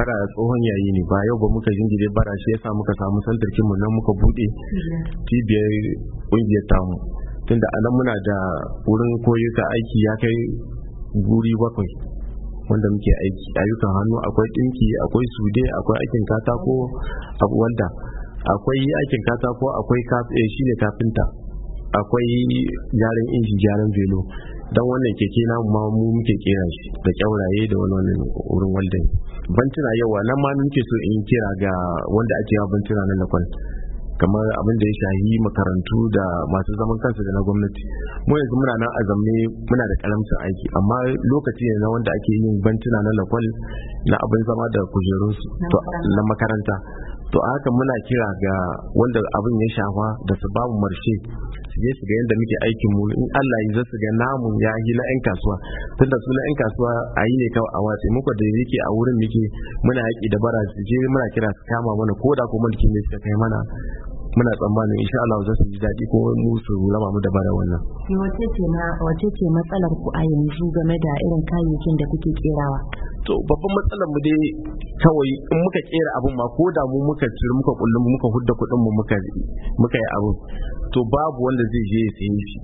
bara tsohon yayi ne ba yau ba muka jingire bara shi yasa muka samu santarkin mu nan muka bude cibiyar kungiyar tamu tunda anan muna da wurin koyuka aiki ya kai guri bakwai wanda muke aiki ayyukan hannu akwai dinki akwai sude akwai aikin katako wanda akwai aikin katako akwai eh, shi ne kafinta akwai gyaran inji gyaran velo don wannan keke na mu muke kera shi da kyauraye da wani wurin waldan bantuna yawa nan ma nake so in kira ga wanda ake yawa bantuna na nakwal kamar abin da ya shahi makarantu da masu zaman kansu da na gwamnati mu yanzu muna nan a zamme muna da karamcin aiki amma lokaci ne na wanda ake yin bantuna na lakwal na abin zama da kujerun na makaranta to a haka muna kira ga wanda abin ya shafa da su bamu marshe je su ga yadda muke aikin mu in Allah ya zasu ga namu ya yi na yan kasuwa tunda su na yan kasuwa a yi ne kawai a wace muka da yake a wurin muke muna yaki da bara su je muna kira su kama mana ko da ko mulkin ne suka kai mana muna tsammanin insha Allah za su ji daɗi ko mu su rama mu da bara wannan. Wace ce matsalar ku a yanzu game da irin kayayyakin da kuke kerawa? to babban matsalar mu dai kawai in muka kera abin ma ko da mu muka tsira muka kullum muka hudda kudin mu muka muka yi abu to babu wanda zai je ya sayi shi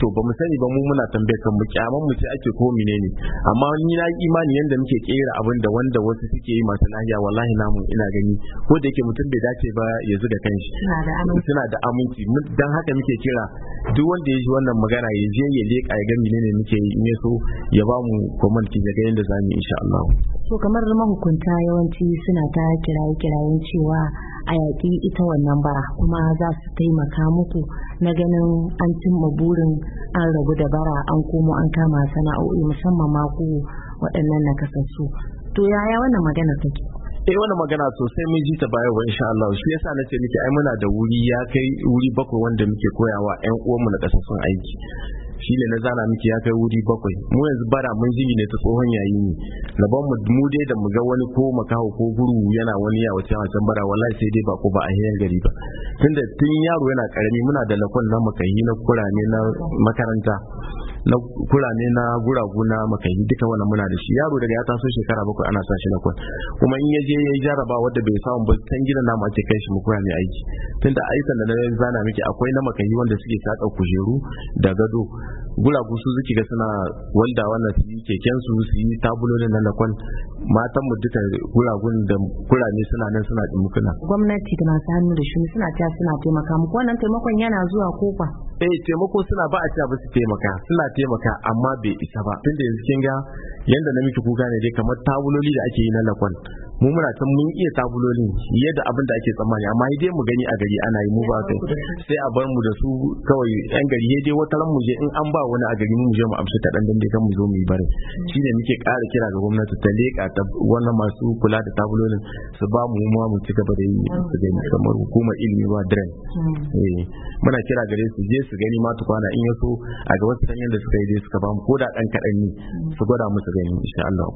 to ba mu sani ba mu muna tambayar kan mu kyaman mu ce ake ko menene amma ni na imani yanda muke kera abin da wanda wasu suke yi masu lahiya wallahi namu ina gani ko da yake mutum bai dace ba ya zuga kanshi suna da aminci dan haka muke kira duk wanda ya ji wannan magana ya je ya leka ya ga menene muke yi ne so ya ba mu comment ya ga yanda zamu insha Allah so kamar mahukunta yawanci suna ta kiraye kirayen cewa a yaƙi ita wannan bara kuma za su taimaka muku na ganin an cimma burin an rabu da bara an komo an kama sana'o'i musamman ma ku waɗannan nakasassu to yaya wannan magana take eh wannan magana sosai mun ji ta baya wa insha Allah shi yasa nace miki ai muna da wuri ya kai wuri bakwai wanda muke koyawa ƴan uwanmu na kasassun aiki shi ne na zana miki ya kai wuri bakwai mu yanzu bara mun ji ne ta tsohon yayi ne laban mu mu dai da mu ga wani ko makaho ko guru yana wani ya wace wancan bara wallahi sai dai ba ko ba a hiyar gari ba tunda tun yaro yana karami muna da lakon na makahi na kurame na makaranta na kurame na guragu na makayi duka wannan muna da shi yaro daga ya taso shekara bakwai ana sa shi na kwan kuma in ya je ya yi jaraba wadda bai samu ba can gidan namu ake kai shi mu koya mai aiki tunda ayyukan da na zana miki akwai na makayi wanda suke saka kujeru da gado guragu su zuki ga suna wanda wannan su yi keken su su yi tabulolin nan na kwan matan mu duka guragun da kurame suna nan suna dimukuna gwamnati da masu hannu da shi suna ta suna taimaka muku wannan taimakon yana zuwa kofa eh taimako suna ba a cewa ba su taimaka suna taimaka amma bai isa ba tunda yanzu kin ga yanda na miki kuka ne dai kamar tabuloli da ake yi na lakon mu muna can mun iya tabulolin yadda abin da ake tsammani amma dai mu gani a gari ana yi mu ba kai sai a bar mu da su kawai yan gari ya dai wata ran mu je in an ba wani a gari mu je mu amsa ta dan dan mu zo mu yi bare ne muke ƙara kira ga gwamnati ta leka ta wannan masu kula da tabulolin su ba mu ma mu ci gaba da yi su gani kamar hukumar ilimi ba dren eh, muna kira gare su je su gani ma tukwana in yaso a ga wasu sanyin da suka yi dai suka ba mu ko da ɗan kaɗan ne su gwada mu su gani insha Allah